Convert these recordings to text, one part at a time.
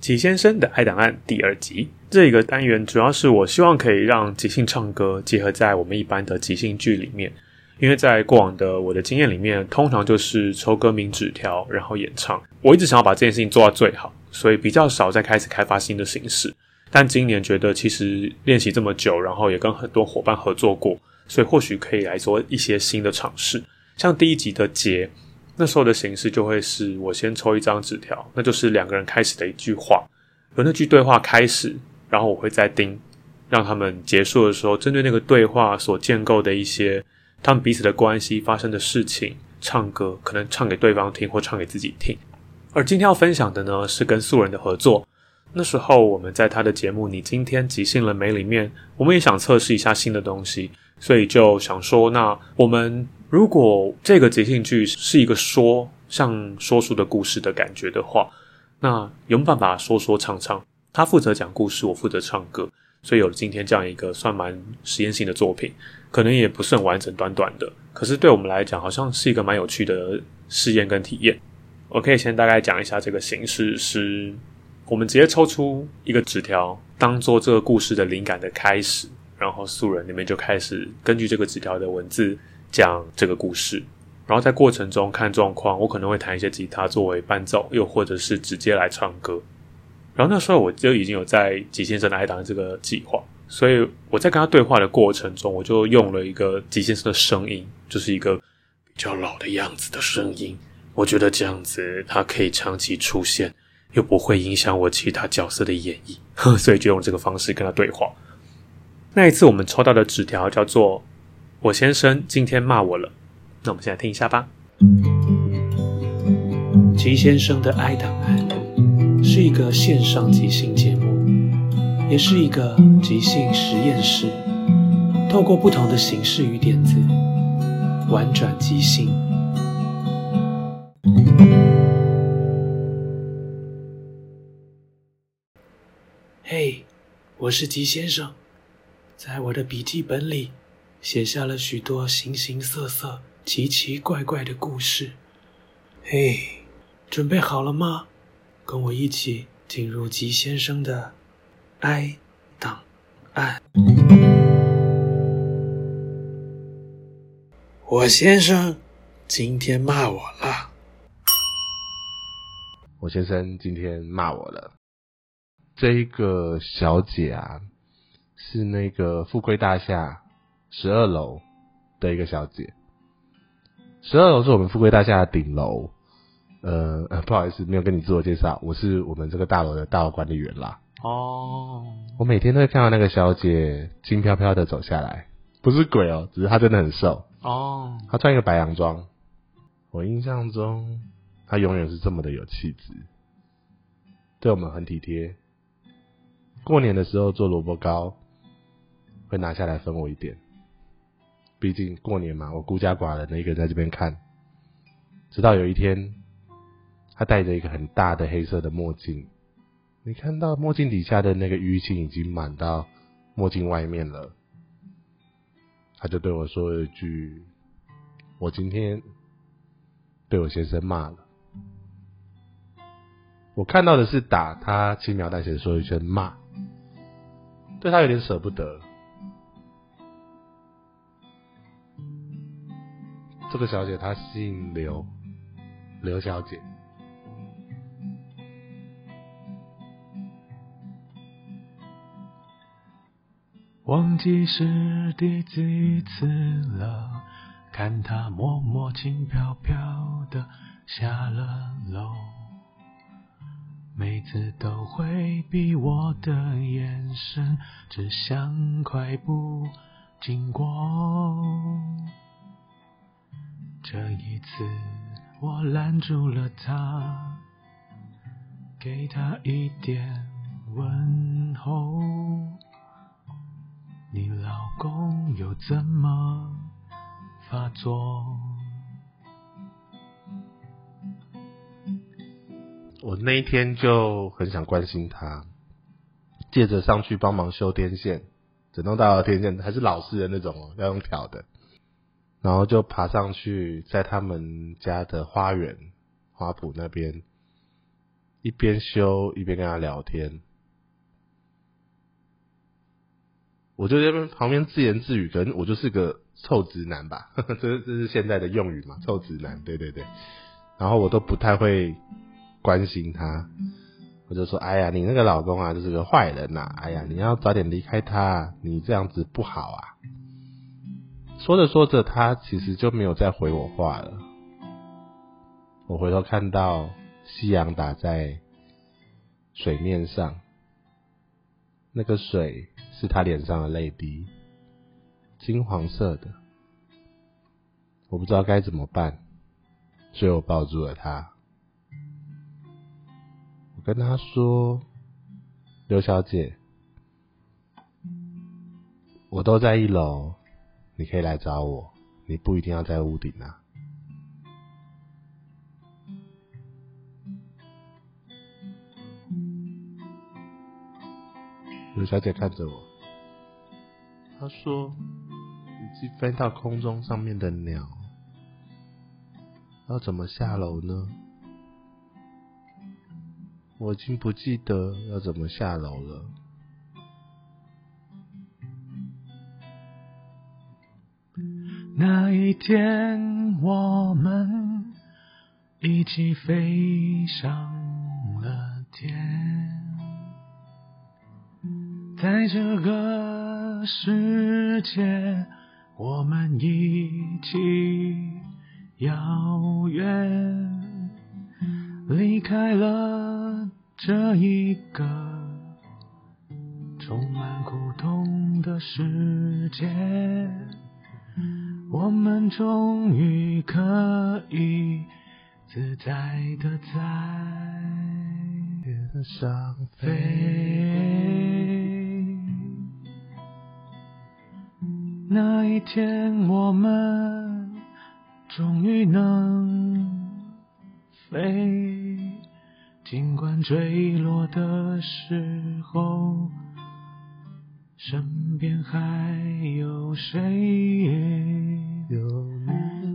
即先生的《I 檔案》第二集，這個單元主要是我希望可以讓即興唱歌結合在我們一般的即興劇裡面，因為在過往的我的經驗裡面，通常就是抽歌名紙條然後演唱。我一直想要把這件事情做到最好，所以比較少再開始開發新的形式。但今年覺得其實練習這麼久，然後也跟很多夥伴合作過。所以或許可以來做一些新的嘗試，像第一集的結，那時候的形式就會是我先抽一張紙條，那就是兩個人開始的一句話，由那句對話開始，然後我會再盯，讓他們結束的時候，針對那個對話所建構的一些他們彼此的關係、發生的事情，唱歌，可能唱給對方聽，或唱給自己聽。而今天要分享的呢，是跟素人的合作。那時候我們在他的節目《你今天即興了沒》裡面，我們也想測試一下新的東西。所以就想說，那我們如果這個即興劇是一個說像說書的故事的感覺的話，那有沒有辦法說說唱唱，他負責講故事，我負責唱歌，所以有了今天這樣一個算蠻實驗性的作品，可能也不算完整，短短的，可是對我們來講，好像是一個蠻有趣的試驗跟體驗。OK，先大概講一下這個形式，是我們直接抽出一個紙條，當做這個故事的靈感的開始。然後素人那邊就開始根據這個紙條的文字講這個故事，然後在過程中看狀況，我可能會彈一些吉他作為伴奏，又或者是直接來唱歌。然後那時候我就已經有在即先生的 I 檔案這個計劃，所以我在跟他對話的過程中，我就用了一個即先生的聲音，就是一個比較老的樣子的聲音。我覺得這樣子他可以長期出現，又不會影響我其他角色的演繹，所以就用這個方式跟他對話。那一次我們抽到的紙條叫做“我先生今天罵我了”，那我們先來聽一下吧。即先生的 I 檔案是一個線上即興節目，也是一個即興實驗室，透過不同的形式與點子玩轉即興。嘿，我是即先生。在我的筆記本裡，寫下了許多形形色色、奇奇怪怪的故事。嘿，準備好了嗎？跟我一起進入即先生的 I 檔案。我先生今天罵我了。我先生今天罵我了。這一個小姐啊。是那個富貴大廈十二樓的一個小姐。十二樓是我們富貴大廈的頂樓。呃，不好意思，沒有跟你自我介紹，我是我們這個大樓的大樓管理員啦。哦。我每天都會看到那個小姐輕飄飄的走下來，不是鬼哦、喔，只是她真的很瘦。哦。她穿一個白洋裝，我印象中她永遠是這麼的有氣質，對我們很體貼。過年的時候做蘿蔔糕。會拿下來分我一點，畢竟過年嘛，我孤家寡人的一個人在這邊看。直到有一天，他戴着一個很大的黑色的墨鏡，你看到墨鏡底下的那個淤青已經滿到墨鏡外面了。他就對我說了一句：“我今天被我先生罵了。”我看到的是打他，輕描淡寫說一聲罵，對他有點捨不得。這個小姐她姓劉，劉小姐。忘記是第幾次了，看她默默輕飄飄的下了樓，每次都回避我的眼神，只想快步經過。這一次我攔住了他，給他一點問候。你老公又怎麼發作？我那一天就很想關心他，借着上去幫忙修天線，整棟大樓天線還是老式的那種哦，要用挑的。然後就爬上去，在他們家的花園、花圃那邊，一邊修一邊跟他聊天。我就在那邊旁邊自言自語，可能我就是個臭直男吧，這這是現在的用語嘛？臭直男，對對對。然後我都不太會關心他，我就說：“哎呀，你那個老公啊，就是個壞人吶、啊！哎呀，你要早點離開他，你這樣子不好啊。”說着說着，他其實就沒有再回我話了。我回頭看到夕陽打在水面上，那個水是他臉上的淚滴，金黃色的。我不知道該怎麼辦，所以我抱住了他。我跟他說：“劉小姐，我都在一樓。”你可以來找我，你不一定要在屋頂啊。魯小姐看着我，她說：“已經飛到空中上面的鳥，要怎麼下樓呢？我已經不記得要怎麼下樓了。”那一天，我們一起飛上了天，在這個世界，我們一起遙遠，離開了這一個充滿苦痛的世界。我們終於可以自在的在天上飛。那一天，我們終於能飛，儘管墜落的時候。身邊還有誰？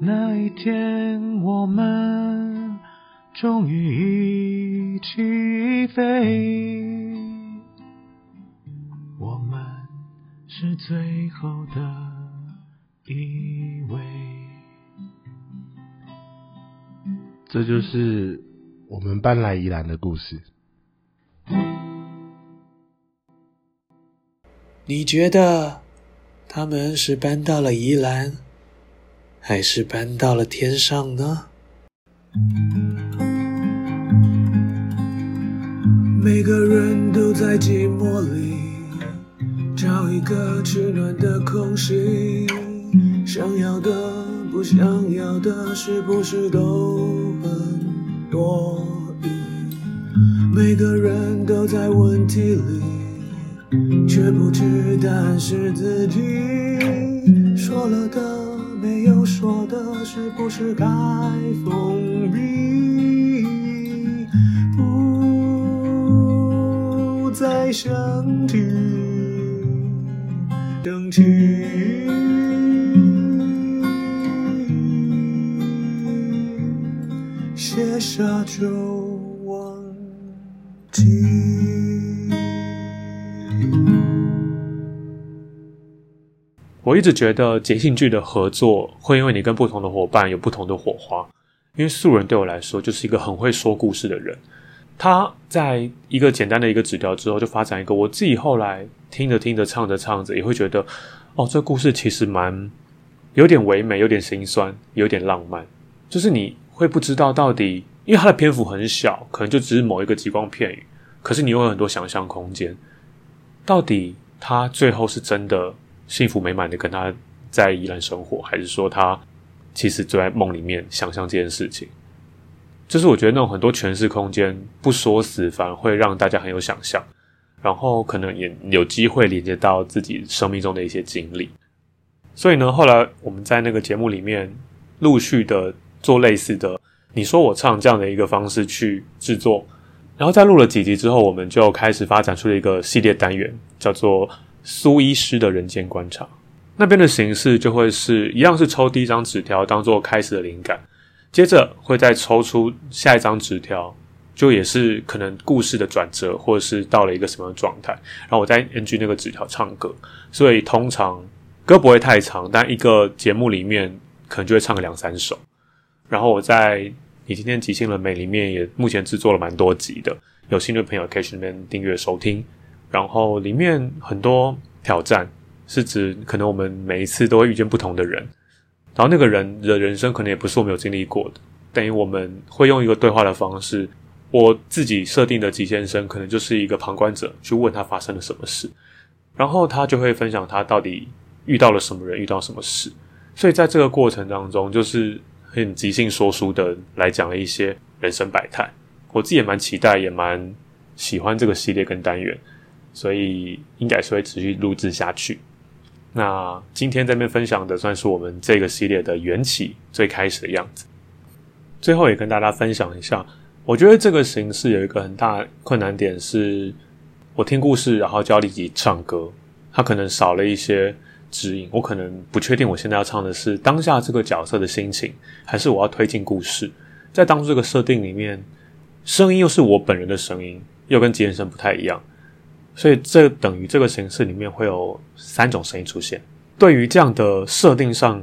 那一天我們終於一起飛，我們是最後的一位。這就是我們搬來宜蘭的故事。你覺得他們是搬到了宜蘭，還是搬到了天上呢？每個人都在寂寞裡找一個取暖的空隙，想要的不想要的，是不是都很多？每個人都在問題裡。卻不知答案是自己說了的，沒有說的，是不是該封閉？不再想起，想聽，寫下就。我一直覺得，即興劇的合作會因為你跟不同的夥伴有不同的火花。因為素人對我來說，就是一個很會說故事的人。他在一個簡單的一個紙條之後，就發展一個。我自己後來聽着聽着唱着唱着，也會覺得，哦，這故事其實蠻有點唯美，有點心酸，有點浪漫。就是你會不知道到底，因為它的篇幅很小，可能就只是某一個吉光片羽。可是你又有很多想象空間。到底他最後是真的？幸福美滿的跟他在宜蘭生活，還是說他其實就在夢裡面想象這件事情？就是我覺得那種很多詮釋空間不說死凡，反而會讓大家很有想象然後可能也有機會連接到自己生命中的一些經歷。所以呢，後來我們在那個節目裡面陸續的做類似的，你說我唱這樣的一個方式去製作，然後在錄了幾集之後，我們就開始發展出了一個系列單元，叫做。蘇先生的人生觀察，那邊的形式就會是一樣，是抽第一張紙條當做開始的靈感，接着會再抽出下一張紙條，就也是可能故事的轉折，或者是到了一個什麼狀態。然後我根據那個紙條唱歌，所以通常歌不會太長，但一個節目裡面可能就會唱個兩三首。然後我在你今天即興了沒裡面也目前制作了蠻多集的，有興趣的朋友可以去那邊訂閱收聽。然後裡面很多挑戰是指，可能我們每一次都會遇見不同的人，然後那個人的人生可能也不是我們有經歷過的，等於我們會用一個對話的方式，我自己設定的即先生，可能就是一個旁觀者去問他發生了什麼事，然後他就會分享他到底遇到了什麼人，遇到什麼事。所以在這個過程當中，就是很即興說書的來講了一些人生百態，我自己也蠻期待，也蠻喜歡這個系列跟單元。所以應該是會持續錄製下去。那今天這邊分享的算是我們這個系列的緣起，最開始的樣子。最後也跟大家分享一下，我覺得這個形式有一個很大困難點是，我聽故事然後就要立即唱歌，它可能少了一些指引，我可能不確定我現在要唱的是當下這個角色的心情，還是我要推進故事。在當初這個設定裡面，聲音又是我本人的聲音，又跟即先生不太一樣。所以，這等於這個形式裡面會有三種聲音出現。對於這樣的設定上，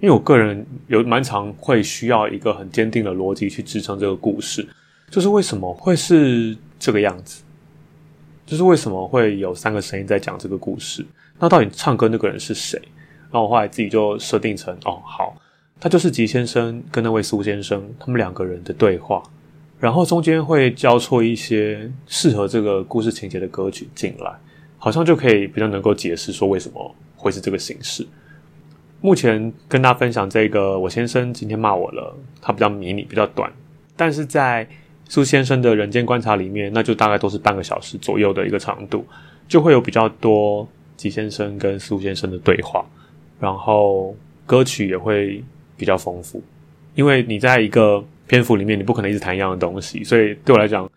因為我個人有蠻常會需要一個很堅定的邏輯去支撐這個故事，就是為什麼會是這個樣子，就是為什麼會有三個聲音在講這個故事。那到底唱歌那個人是誰？那我後來自己就設定成，哦，好，他就是即先生跟那位蘇先生他們兩個人的對話。然後中間會交錯一些適合這個故事情節的歌曲進來，好像就可以比較能夠解釋說為什麼會是這個形式。目前跟大家分享這個，我先生今天罵我了，它比較迷你、比較短，但是在蘇先生的人生觀察裡面，那就大概都是半個小時左右的一個長度，就會有比較多即先生跟蘇先生的對話，然後歌曲也會比較豐富，因為你在一個。篇幅裡面，你不可能一直彈一樣的東西，所以對我來講，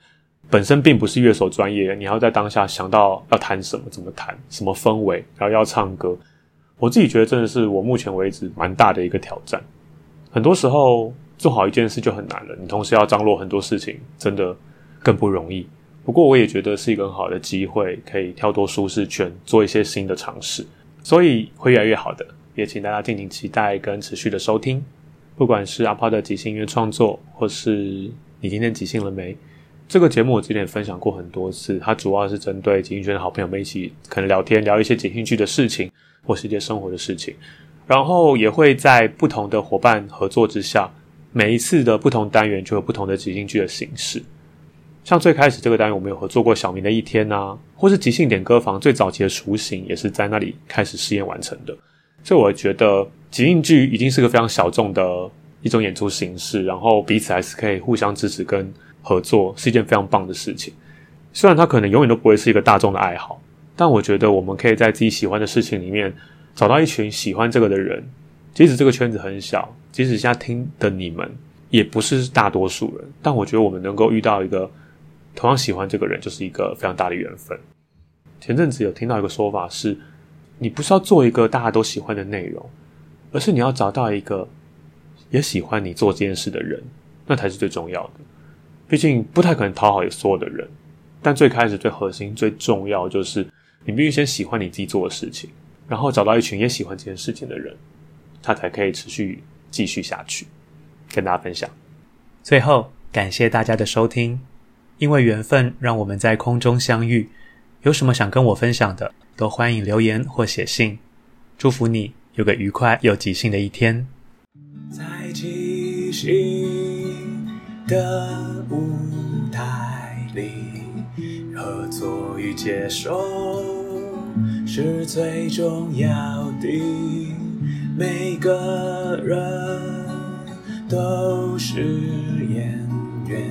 本身並不是樂手專業，你要在當下想到要彈什麼、怎麼彈、什麼氛圍，然後要唱歌，我自己覺得真的是我目前為止蠻大的一個挑戰。很多時候做好一件事就很難了，你同時要張羅很多事情，真的更不容易。不過我也覺得是一個很好的機會，可以跳脫舒適圈，做一些新的嘗試，所以會越來越好的。也請大家敬請期待跟持續的收聽。不管是阿帕的即興音樂創作，或是你今天即興了沒？這個節目我之前也分享過很多次，它主要是針對即興圈的好朋友們一起可能聊天，聊一些即興劇的事情，或是一些生活的事情。然後也會在不同的夥伴合作之下，每一次的不同單元就有不同的即興劇的形式。像最開始這個單元，我們有合作過小明的一天吶、啊，或是即興點歌房最早期的雛形，也是在那裡開始試驗完成的。所以我覺得。即興劇已經是個非常小眾的一種演出形式，然後彼此還是可以互相支持跟合作，是一件非常棒的事情。雖然它可能永遠都不會是一個大眾的愛好，但我覺得我們可以在自己喜歡的事情裡面找到一群喜歡這個的人，即使這個圈子很小，即使現在聽的你們也不是大多數人，但我覺得我們能夠遇到一個同樣喜歡這個人，就是一個非常大的緣分。前陣子有聽到一個說法是，你不是要做一個大家都喜歡的內容，而是你要找到一個也喜歡你做這件事的人，那才是最重要的。畢竟不太可能討好所有的人，但最開始、最核心、最重要就是你必須先喜歡你自己做的事情，然後找到一群也喜歡這件事情的人，他才可以持續繼續下去。跟大家分享，最後感謝大家的收聽，因為緣分讓我們在空中相遇。有什麼想跟我分享的，都歡迎留言或寫信。祝福你。有個愉快又即興的一天。在即興的舞台裡，合作與接受是最重要的，每個人都是演員，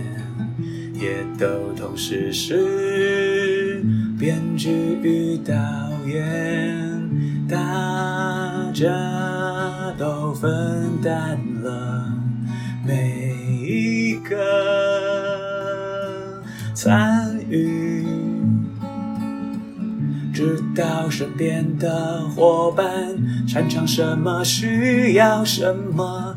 也都同時是編劇與導演，家都分擔了每一個參與，知道身邊的夥伴擅長什麼，需要什麼。